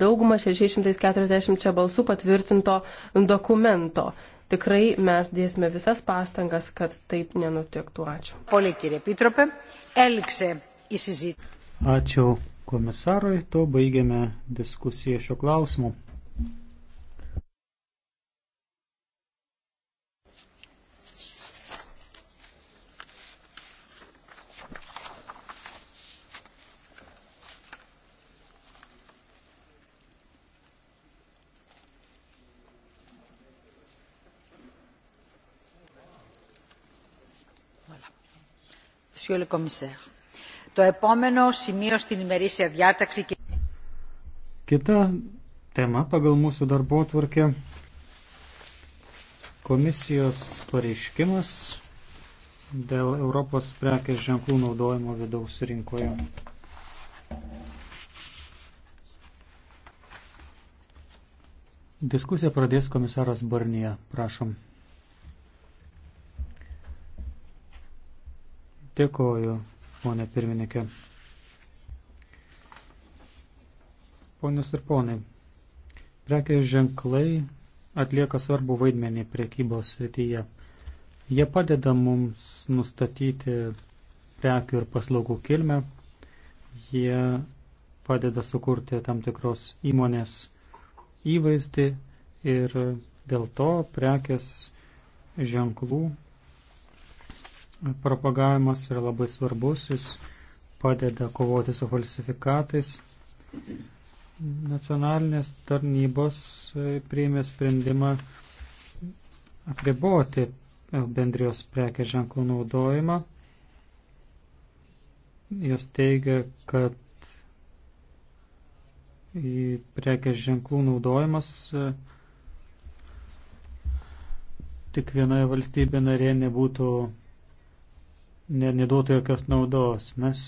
daugumą 640 balsų patvirtinto dokumento. Tikrai mes dėsime visas pastangas, kad taip nenutiktų. Ačiū. Ačiū komisarui, to baigiame diskusiją šio klausimu. monsieur le commissaire. Το επόμενο σημείο στην ημερήσια διάταξη. Kita tema pagal mūsų darbo atvarkę. Komisijos pareiškimas dėl Europos prekės ženklų naudojimo vidaus rinkoje. Diskusiją pradės komisaras Barnija. Prašom. Dėkoju, ponė pirmininkė. Ponius ir ponai, prekės ženklai atlieka svarbu vaidmenį priekybos srityje. Jie padeda mums nustatyti prekių ir paslaugų kilmę, jie padeda sukurti tam tikros įmonės įvaizdį ir dėl to prekės ženklų propagavimas yra labai svarbus, jis padeda kovoti su falsifikatais. Nacionalinės tarnybos e, priėmė sprendimą apriboti e, bendrijos prekės ženklų naudojimą. Jos teigia, kad prekės ženklų naudojimas e, tik vienoje valstybė narė nebūtų ne, neduotų jokios naudos. Mes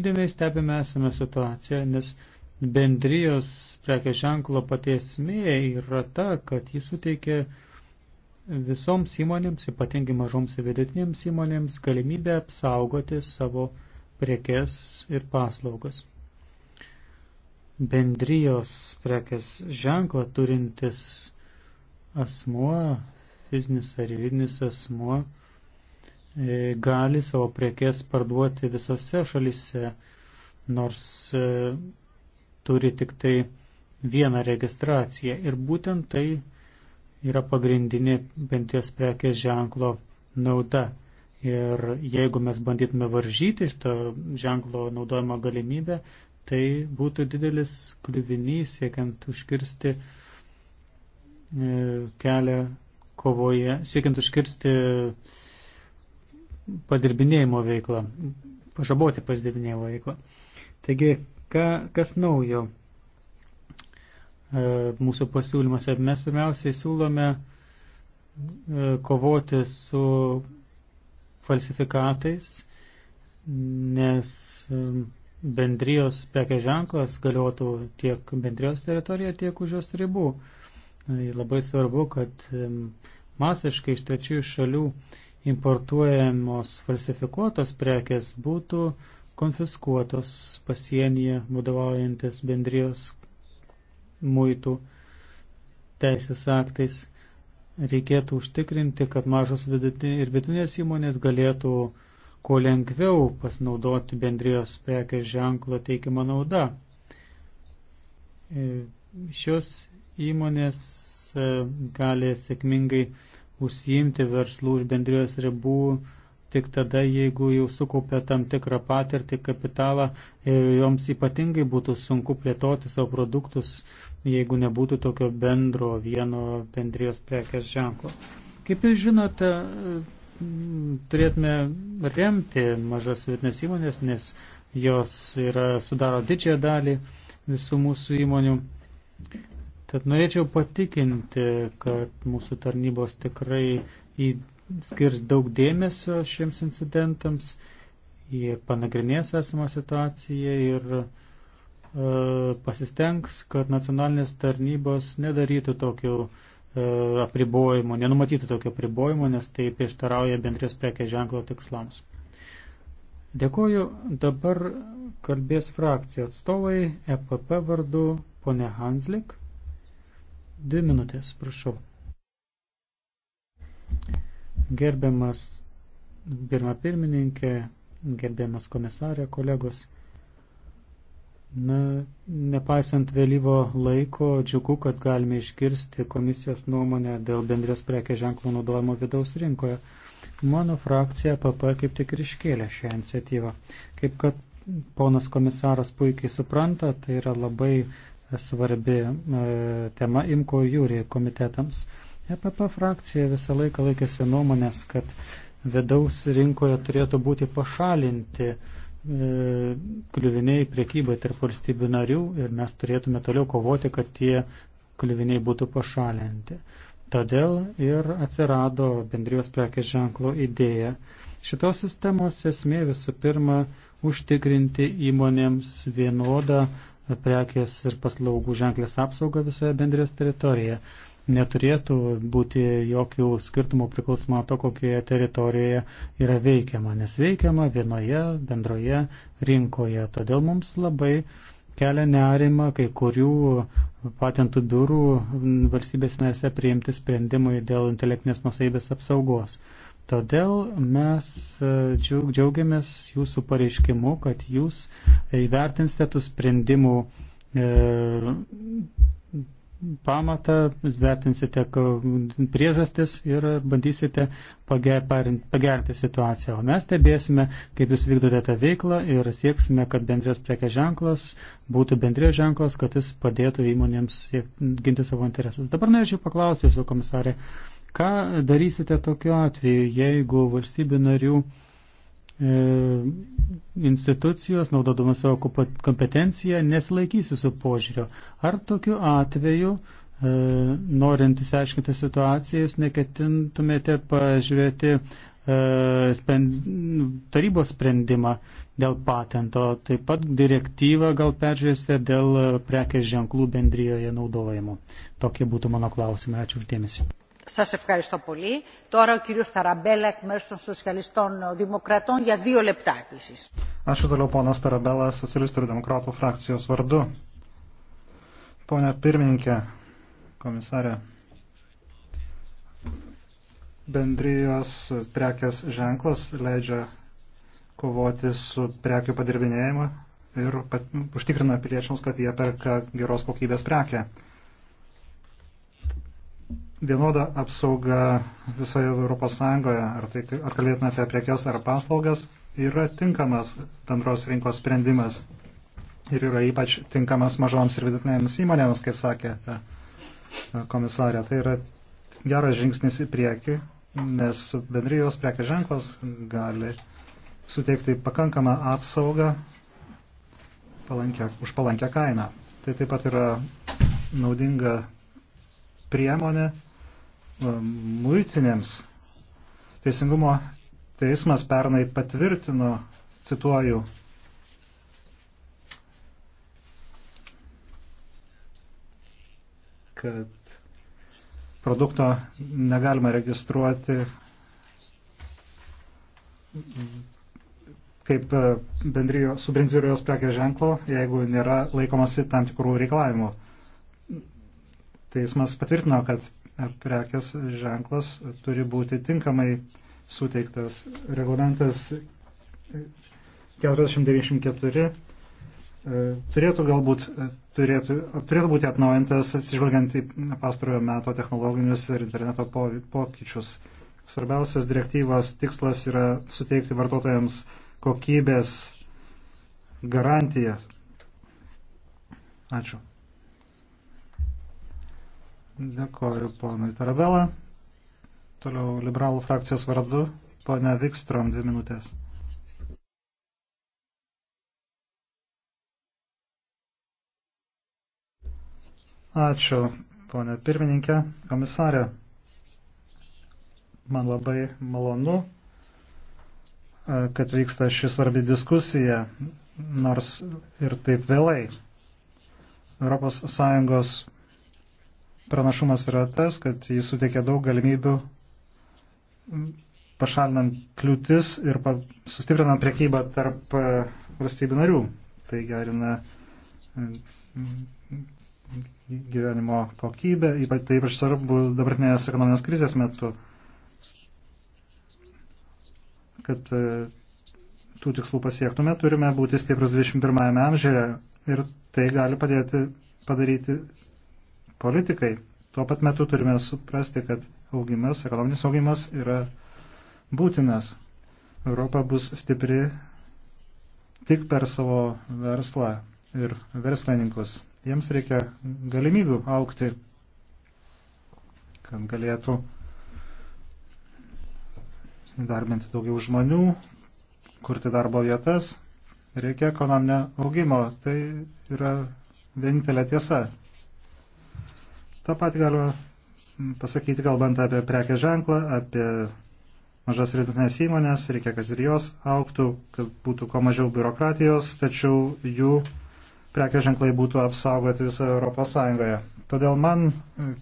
įdėmiai stebime esame situaciją, nes bendrijos prekės ženklo patiesmė yra ta, kad jis suteikia visoms įmonėms, ypatingai mažoms ir vidutinėms įmonėms, galimybę apsaugoti savo prekes ir paslaugas. Bendrijos prekės ženklą turintis asmuo, fizinis ar juridinis asmuo, E, gali savo priekės parduoti visose šalise, nors e, turi tik tai vieną registraciją. Ir būtent tai yra pagrindinė bendrijos prekės ženklo nauda. Ir jeigu mes bandytume varžyti šito ženklo naudojimo galimybę, tai būtų didelis kliuvinys siekiant užkirsti e, kelią kovoje, siekiant užkirsti padirbinėjimo veiklą, pažaboti padirbinėjimo veiklą. Taigi, ka, kas naujo e, mūsų pasiūlymuose? Mes pirmiausiai siūlome e, kovoti su falsifikatais, nes e, bendrijos prekės ženklas galiotų tiek bendrijos teritorijoje, tiek už jos ribų. Labai svarbu, kad masiškai iš trečiųjų šalių uh, importuojamos falsifikuotos prekes būtų konfiskuotos pasienyje vadovaujantis bendrijos muitų teisės aktais. Reikėtų užtikrinti, kad mažos ir vidutinės įmonės galėtų kuo lengviau pasinaudoti bendrijos prekės ženklo teikiamą naudą. E, šios įmonės e, gali sėkmingai užsiimti verslų už bendrijos ribų tik tada, jeigu jau sukaupė tam tikrą patirtį, kapitalą ir joms ypatingai būtų sunku plėtoti savo produktus, jeigu nebūtų tokio bendro vieno bendrijos prekės ženklo. Kaip jūs žinote, turėtume remti mažas vietinės įmonės, nes jos yra, sudaro didžiąją dalį visų mūsų įmonių. Tad norėčiau patikinti, kad mūsų tarnybos tikrai skirs daug dėmesio šiems incidentams, jie panagrinės esamą situaciją ir e, pasistengs, kad nacionalinės tarnybos nedarytų tokių e, apribojimo, nenumatyti tokio apribojimo, nes tai prieštarauja bendrijos prekės ženklo tikslams. Dėkuoju, dabar kalbės frakcijų atstovai, EPP vardu, ponė Hanslik. Dvi minutės, prašau. Gerbiamas, gerbiama pirmininkė, gerbiamas komisarė, kolegos. Na, nepaisant vėlyvo laiko, džiugu, kad galime išgirsti komisijos nuomonę dėl bendrės prekė ženklo naudojimo vidaus rinkoje. Mano frakcija PP kaip tik ir iškėlė šią iniciatyvą. Kaip kad ponas komisaras puikiai supranta, tai yra labai svarbi e, tema Imko Jūri komitetams. EPP frakcija visą laiką laikėsi nuomonės, kad vidaus rinkoje turėtų būti pašalinti e, kliuviniai priekybai tarp valstybių narių ir mes turėtume toliau kovoti, kad tie kliuviniai būtų pašalinti. Todėl ir atsirado bendrijos prekės ženklo idėja. Šitos sistemos esmė visų pirma užtikrinti įmonėms vienodą prekės ir paslaugų ženklės apsaugą visoje bendrijos teritorijoje. Neturėtų būti jokių skirtumų priklausomą to, kokioje teritorijoje yra veikiama, nes veikiama vienoje bendroje rinkoje. Todėl mums labai kelia nerima kai kurių patentų biurų valstybės narėse priimti sprendimui dėl intelektinės nusaibės apsaugos. Todėl mes e, džiaugiamės jūsų pareiškimu, kad jūs įvertinsite tų sprendimų e, pamatą, vertinsite priežastis ir bandysite pagerinti situaciją. O mes stebėsime, kaip jūs vykdote tą veiklą ir sieksime, kad bendrijos prekė ženklas būtų bendrijos ženklas, kad jis padėtų įmonėms ginti savo interesus. Dabar norėčiau paklausti jūsų komisarė. Ką darysite tokiu atveju, jeigu valstybių narių e, institucijos, naudodamas savo kompetenciją, nesilaikys jūsų požiūrio? Ar tokiu atveju e, norint įsiaiškinti situaciją, jūs neketintumėte pažiūrėti e, tarybos sprendimą dėl patento, taip pat direktyvą gal peržiūrėsite dėl prekės ženklų bendryjoje naudojimo. Tokie būtų mano klausimai. Ačiū uždėmesi. Σας ευχαριστώ πολύ. Τώρα ο κύριος Ταραμπέλα εκ μέρους των Σοσιαλιστών Δημοκρατών για δύο λεπτά επίσης. Ačiū toliau ponas Tarabela, Socialistų ir Demokratų frakcijos vardu. Pone pirmininkė, komisarė, bendrijos prekės ženklas leidžia kovoti su prekių padirbinėjimu ir pat, užtikrina piliečiams, kad jie perka geros kokybės prekę vienoda apsauga visoje Europos Sąjungoje, ar, tai, ar kalbėtume apie prekes ar paslaugas, yra tinkamas bendros rinkos sprendimas ir yra ypač tinkamas mažoms ir vidutinėms įmonėms, kaip sakėte, komisarė. Tai yra geras žingsnis į priekį, nes bendrijos prekės ženklas gali suteikti pakankamą apsaugą palankę, už palankę kainą. Tai taip pat yra naudinga priemonė E, muitinėms. Teisingumo teismas pernai patvirtino, cituoju, kad produkto negalima registruoti kaip e, bendrijo, su bendrijos prekės ženklo, jeigu nėra laikomasi tam tikrų reikalavimų. Teismas patvirtino, kad prekės ženklas turi būti tinkamai suteiktas. Reglamentas 494 e, turėtų galbūt e, turėtų, turėtų būti atnaujintas atsižvelgiant į pastarojo meto technologinius ir interneto pokyčius. Svarbiausias direktyvos tikslas yra suteikti vartotojams kokybės garantiją. Ačiū. Dėkoju ponui Tarabela. Toliau liberalų frakcijos vardu, ponia Vikstrom, dvi minutės. Ačiū, ponia pirmininkė, komisarė. Man labai malonu, e, kad vyksta ši svarbi diskusija, nors ir taip vėlai. ES pranašumas yra tas, kad jis suteikia daug galimybių pašalinant kliūtis ir sustiprinant priekybą tarp e, valstybių narių. Tai gerina gyvenimo kokybę, ypač tai ypač svarbu dabartinės ekonominės krizės metu, kad e, tų tikslų pasiektume, turime būti stiprus 21-ame amžiuje ir tai gali padėti padaryti politikai. Tuo pat metu turime suprasti, kad augimas, ekonominis augimas yra būtinas. Europa bus stipri tik per savo verslą ir verslininkus. Jiems reikia galimybių aukti, kad galėtų įdarbinti daugiau žmonių, kurti darbo vietas. Reikia ekonominio augimo. Tai yra vienintelė tiesa. Ta pat galiu pasakyti, kalbant apie prekės ženklą, apie mažas rytinės įmonės, reikia, kad ir jos auktų, kad būtų kuo mažiau biurokratijos, tačiau jų prekės ženklai būtų apsaugoti visoje Europos Sąjungoje. Todėl man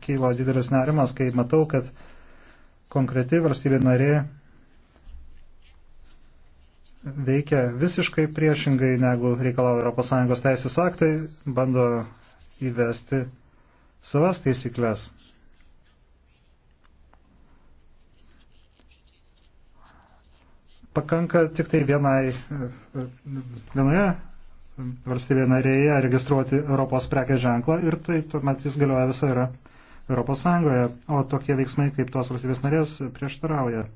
kyla didelis nerimas, kai matau, kad konkreti valstybė narė veikia visiškai priešingai, negu reikalauja ES teisės aktai, bando įvesti savas taisyklės. Pakanka tik tai vienai, vienoje valstybėje narėje registruoti Europos prekės ženklą ir tai tuomet jis galioja visą yra Europos Sąjungoje, o tokie veiksmai kaip tos valstybės narės prieštarauja e,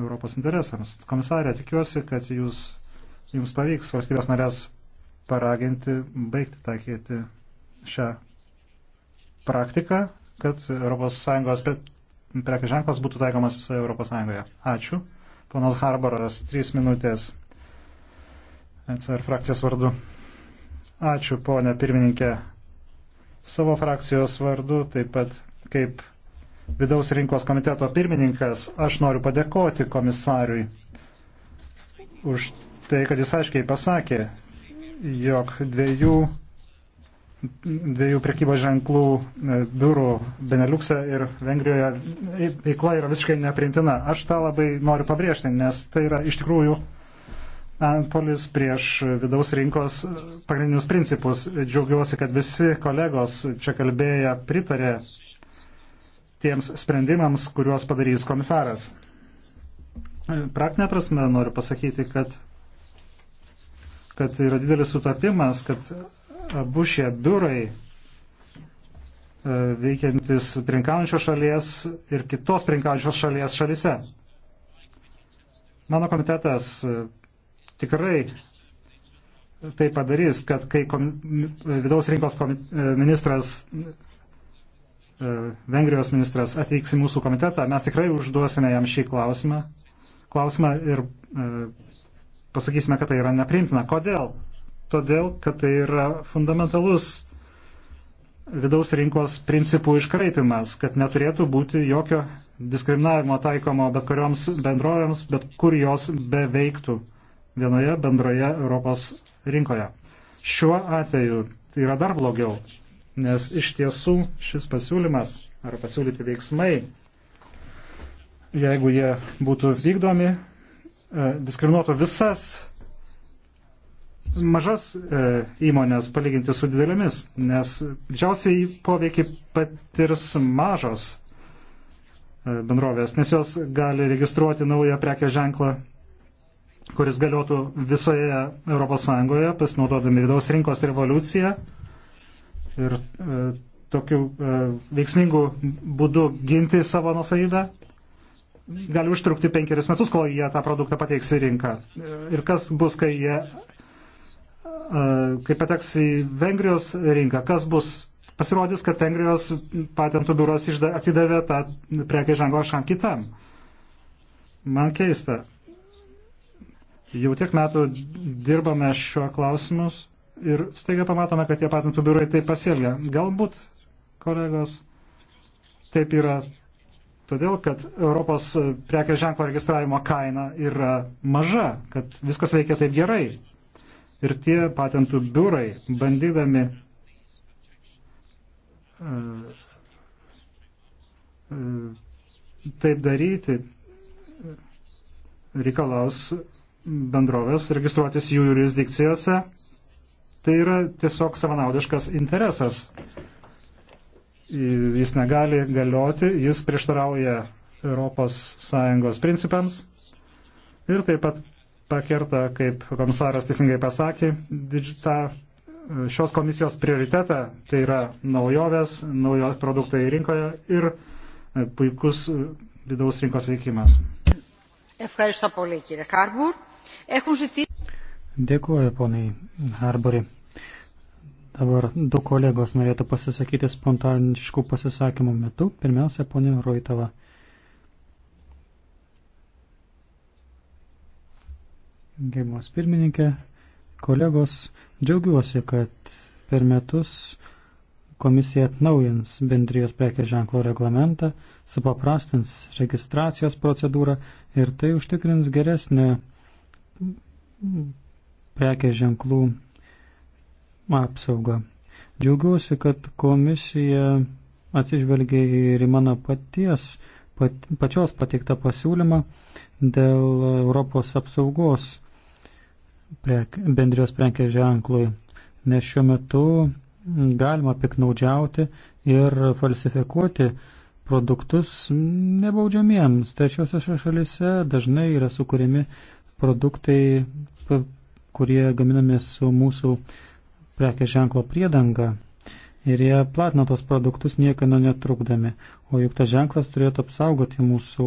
Europos interesams. Komisarė, tikiuosi, kad jūs, jums pavyks valstybės narės paraginti baigti taikyti šią praktika, kad ES prekių ženklas būtų taikomas visoje ES. Ačiū. Ponas Harbaras, trys minutės. ECR frakcijos vardu. Ačiū, ponė pirmininkė. Savo frakcijos vardu, taip pat kaip vidaus rinkos komiteto pirmininkas, aš noriu padėkoti komisariui už tai, kad jis aiškiai pasakė, jog dviejų dviejų priekybos ženklų e, biurų Beneliukse ir Vengrijoje e, veikla yra visiškai nepriimtina. Aš tą labai noriu pabrėžti, nes tai yra iš tikrųjų antpolis prieš vidaus rinkos pagrindinius principus. Džiaugiuosi, kad visi kolegos čia kalbėję pritarė tiems sprendimams, kuriuos padarys komisaras. E, praktinė prasme noriu pasakyti, kad, kad yra didelis sutapimas, kad abu šie biurai e, veikiantis prinkaujančios šalies ir kitos prinkaujančios šalies šalise. Mano komitetas e, tikrai tai padarys, kad kai kom, vidaus rinkos kom, e, ministras, Vengrijos ministras atvyks į mūsų komitetą, mes tikrai užduosime jam šį klausimą, klausimą ir pasakysime, kad tai yra neprimtina. Kodėl? todėl, kad tai yra fundamentalus vidaus rinkos principų iškraipimas, kad neturėtų būti jokio diskriminavimo taikomo bet kurioms bendrovėms, bet kur jos beveiktų vienoje bendroje Europos rinkoje. Šiuo atveju tai yra dar blogiau, nes iš tiesų šis pasiūlymas ar pasiūlyti veiksmai, jeigu jie būtų vykdomi, e, diskriminuotų visas mažas e, įmonės palyginti su didelėmis, nes didžiausiai poveikį patirs mažos e, bendrovės, nes jos gali registruoti naują prekės ženklą, kuris galiotų visoje ES, pasinaudodami vidaus rinkos revoliuciją ir e, tokiu e, veiksmingu būdu ginti savo nusavybę gali užtrukti penkerius metus, kol jie tą produktą pateiks į rinką. E, ir kas bus, kai jie E, kai pateks į Vengrijos rinką, kas bus? Pasirodys, kad Vengrijos patentų biuras atidavė tą prekį ženklą kažkam kitam. Man keista. Jau tiek metų dirbame šiuo klausimus ir staiga pamatome, kad tie patentų biurai taip pasielgia. Galbūt, kolegos, taip yra todėl, kad Europos prekės ženklo registravimo kaina yra maža, kad viskas veikia taip gerai. Ir tie patentų biurai, bandydami e, e, taip daryti, reikalaus bendrovės registruotis jų jurisdikcijose. Tai yra tiesiog savanaudiškas interesas. Jis negali galioti, jis prieštarauja ES principams ir taip pat pakerta, kaip komisaras teisingai pasakė, tą šios komisijos prioritetą, tai yra naujovės, naujo produktai rinkoje ir e, puikus e, vidaus rinkos veikimas. Dėkuoju, poniai Harbori. Dabar du kolegos norėtų pasisakyti spontaniškų pasisakymų metu. Pirmiausia, ponė Roitava. Geimas pirmininkė, kolegos, džiaugiuosi, kad per metus komisija atnaujins bendrijos prekės ženklo reglamentą, supaprastins registracijos procedūrą ir tai užtikrins geresnę prekės ženklų apsaugą. Džiaugiuosi, kad komisija atsižvelgia ir į mano paties, pat, pačios pateiktą pasiūlymą dėl Europos apsaugos prek, bendrijos prekės ženklui, nes šiuo metu galima piknaudžiauti ir falsifikuoti produktus nebaudžiamiems. Trečiosiose šalise dažnai yra sukūrimi produktai, kurie gaminami su mūsų prekės ženklo priedanga. Ir jie platino tos produktus niekino netrukdami. O juk tas ženklas turėtų apsaugoti mūsų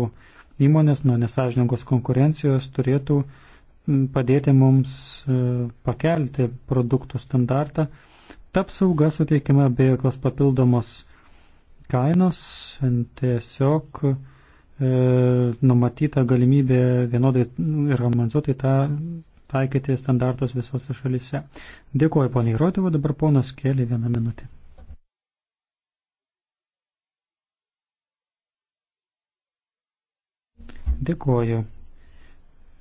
įmonės nuo nesažiningos konkurencijos, turėtų uh, padėti mums e, pakelti produktų standartą. Ta apsauga suteikiama be jokios papildomos kainos, tiesiog e, numatyta galimybė vienodai ir harmonizuotai tą taikyti standartus visose šalise. Dėkuoju poniai Rotivo, dabar ponas kėlė vieną minutę. Dėkuoju.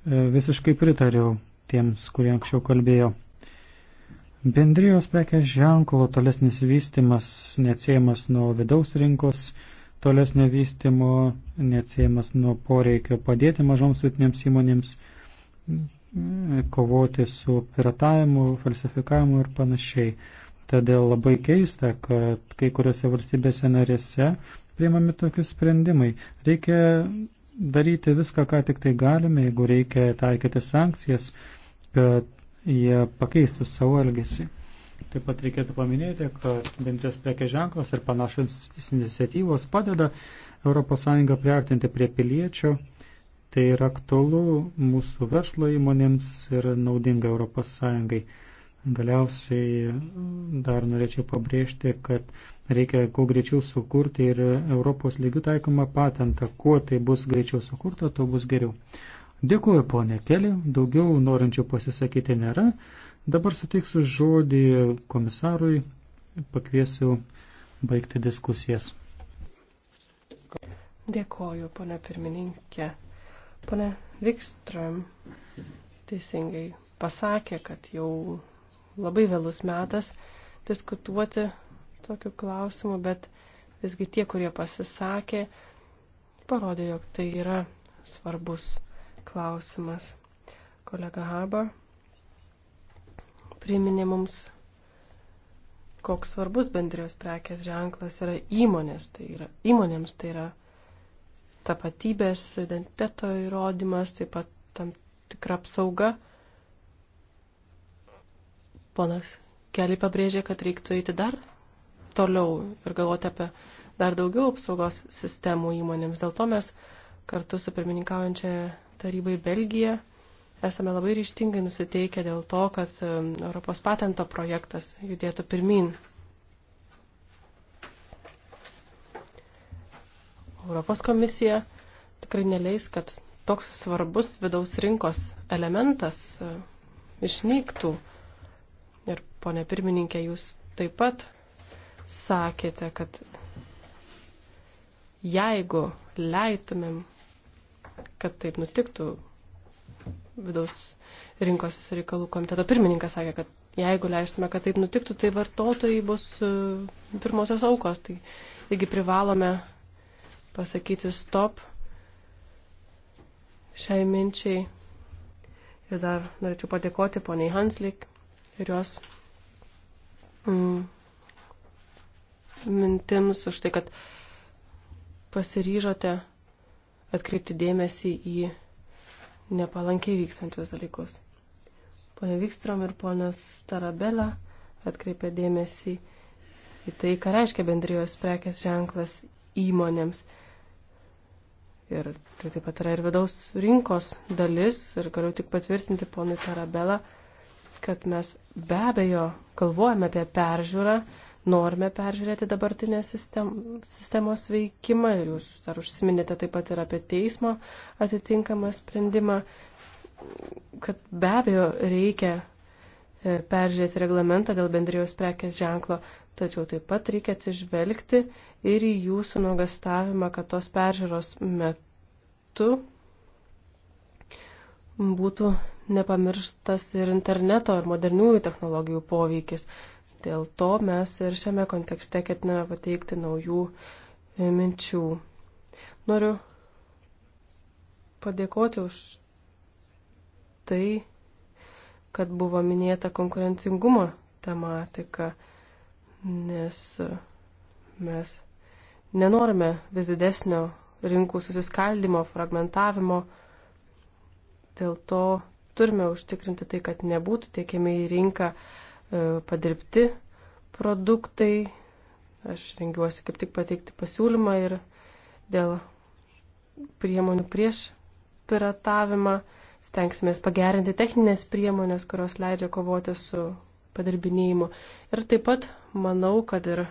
E, visiškai pritariau tiems, kurie anksčiau kalbėjo. Bendrijos prekės ženklo tolesnis vystimas neatsiejamas nuo vidaus rinkos, tolesnio vystimo, neatsiejamas nuo poreikio padėti mažoms vietinėms įmonėms e, kovoti su piratavimu, falsifikavimu ir panašiai. Todėl labai keista, kad kai kuriuose valstybėse narėse priimami tokius sprendimai. Reikia daryti viską, ką tik tai galime, jeigu reikia taikyti sankcijas, kad jie pakeistų savo elgesį. Taip pat reikėtų paminėti, kad bendrijos prekė ženklas ir panašus iniciatyvos padeda ES priartinti prie piliečių. Tai yra aktualu mūsų verslo įmonėms ir naudinga ES. Galiausiai dar norėčiau pabrėžti, kad Reikia kuo greičiau sukurti ir Europos lygių taikomą patentą. Kuo tai bus greičiau sukurta, to bus geriau. Dėkuoju, ponė Kelė. Daugiau norinčių pasisakyti nėra. Dabar suteiksiu žodį komisarui. Pakviesiu baigti diskusijas. Dėkoju, ponė pirmininkė. Pone Vikström teisingai pasakė, kad jau labai vėlus metas diskutuoti tokiu klausimu, bet visgi tie, kurie pasisakė, parodė, jog tai yra svarbus klausimas. Kolega Haber priminė mums, koks svarbus bendrijos prekės ženklas yra įmonės. Tai yra, įmonėms tai yra tapatybės, identiteto įrodymas, taip pat tam tikra apsauga. Ponas Keli pabrėžė, kad reiktų eiti dar toliau ir galvoti apie dar daugiau apsaugos sistemų įmonėms. Dėl to mes kartu su pirmininkaujančia tarybai Belgija esame labai ryštingai nusiteikę dėl to, kad um, Europos patento projektas judėtų pirmin. Europos komisija tikrai neleis, kad toks svarbus vidaus rinkos elementas uh, išnyktų. Ir, ponė pirmininkė, jūs taip pat sakėte, kad jeigu leitumėm, kad taip nutiktų, vidaus rinkos reikalų komiteto pirmininkas sakė, kad jeigu leistume, kad taip nutiktų, tai vartotojai bus e, pirmosios aukos. Tai, taigi privalome pasakyti stop šiai minčiai. Ir dar norėčiau padėkoti poniai Hanslik ir jos mm, mintims, už tai, kad pasiryžote atkreipti dėmesį į nepalankiai vykstančius dalykus. Pone Vykstrom ir ponas Tarabela atkreipė dėmesį į tai, ką reiškia bendrijos prekės ženklas įmonėms. Ir tai taip pat yra ir vidaus rinkos dalis. Ir galiu tik patvirtinti ponui Tarabelą, kad mes be abejo galvojame apie peržiūrą norime peržiūrėti dabartinę sistem, sistemos veikimą ir jūs dar užsiminėte taip pat ir apie teismo atitinkamą sprendimą, kad be abejo reikia e, peržiūrėti reglamentą dėl bendrijos prekės ženklo, tačiau taip pat reikia atsižvelgti ir į jūsų nuogastavimą, kad tos peržiūros metu būtų nepamirštas ir interneto ir moderniųjų technologijų poveikis. Dėl to mes ir šiame kontekste ketiname pateikti naujų e, minčių. Noriu padėkoti už tai, kad buvo minėta konkurencingumo tematika, nes mes nenorime vis didesnio rinkų susiskaldimo, fragmentavimo. Dėl to turime užtikrinti tai, kad nebūtų tiekiami į rinką E, padirbti produktai. Aš rengiuosi kaip tik pateikti pasiūlymą ir dėl priemonių prieš piratavimą. Stengsimės pagerinti techninės priemonės, kurios leidžia kovoti su padirbinėjimu. Ir taip pat manau, kad ir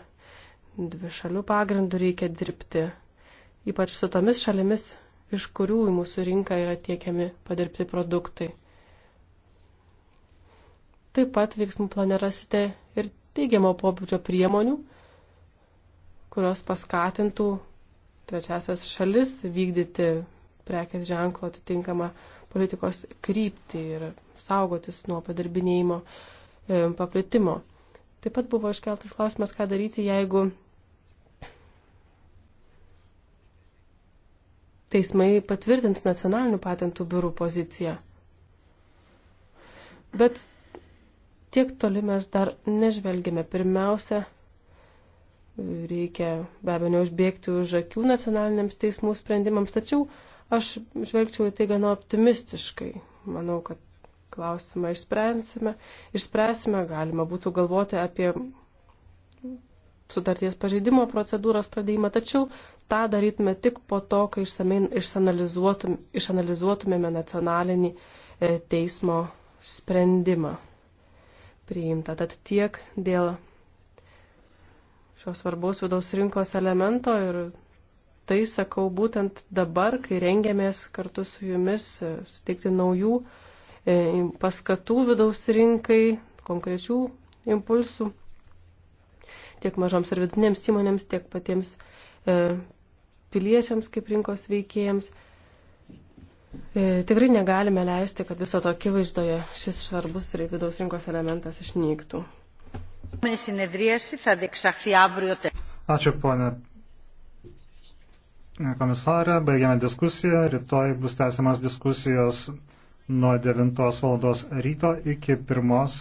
dvi šalių pagrindų reikia dirbti, ypač su tomis šalimis, iš kurių į mūsų rinką yra tiekiami padirbti produktai. Taip pat veiksmų plane rasite ir teigiamo pobūdžio priemonių, kurios paskatintų trečiasias šalis vykdyti prekės ženklo atitinkamą politikos kryptį ir saugotis nuo padarbinėjimo e, paplitimo. Taip pat buvo iškeltas klausimas, ką daryti, jeigu teismai patvirtins nacionalinių patentų biurų poziciją. Bet tiek toli mes dar nežvelgime. Pirmiausia, reikia be abejo neužbėgti už akių nacionaliniams teismų sprendimams, tačiau aš žvelgčiau į tai gana optimistiškai. Manau, kad klausimą išspręsime, išspręsime, galima būtų galvoti apie sutarties pažeidimo procedūros pradėjimą, tačiau tą darytume tik po to, kai išanalizuotum, išanalizuotumėme nacionalinį e, teismo sprendimą priimta. Tad tiek dėl šios svarbaus vidaus rinkos elemento ir tai sakau būtent dabar, kai rengiamės kartu su jumis e, suteikti naujų e, paskatų vidaus rinkai, konkrečių impulsų tiek mažoms ir vidutinėms įmonėms, tiek patiems e, piliečiams kaip rinkos veikėjams. E, tikrai negalime leisti, kad viso to akivaizdoje šis svarbus ir vidaus rinkos elementas išnyktų. Ačiū, ponė komisarė. Baigiame diskusiją. Rytoj bus tęsiamas diskusijos nuo 9 val. ryto iki 1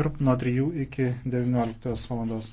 ir nuo 3 iki 19 val.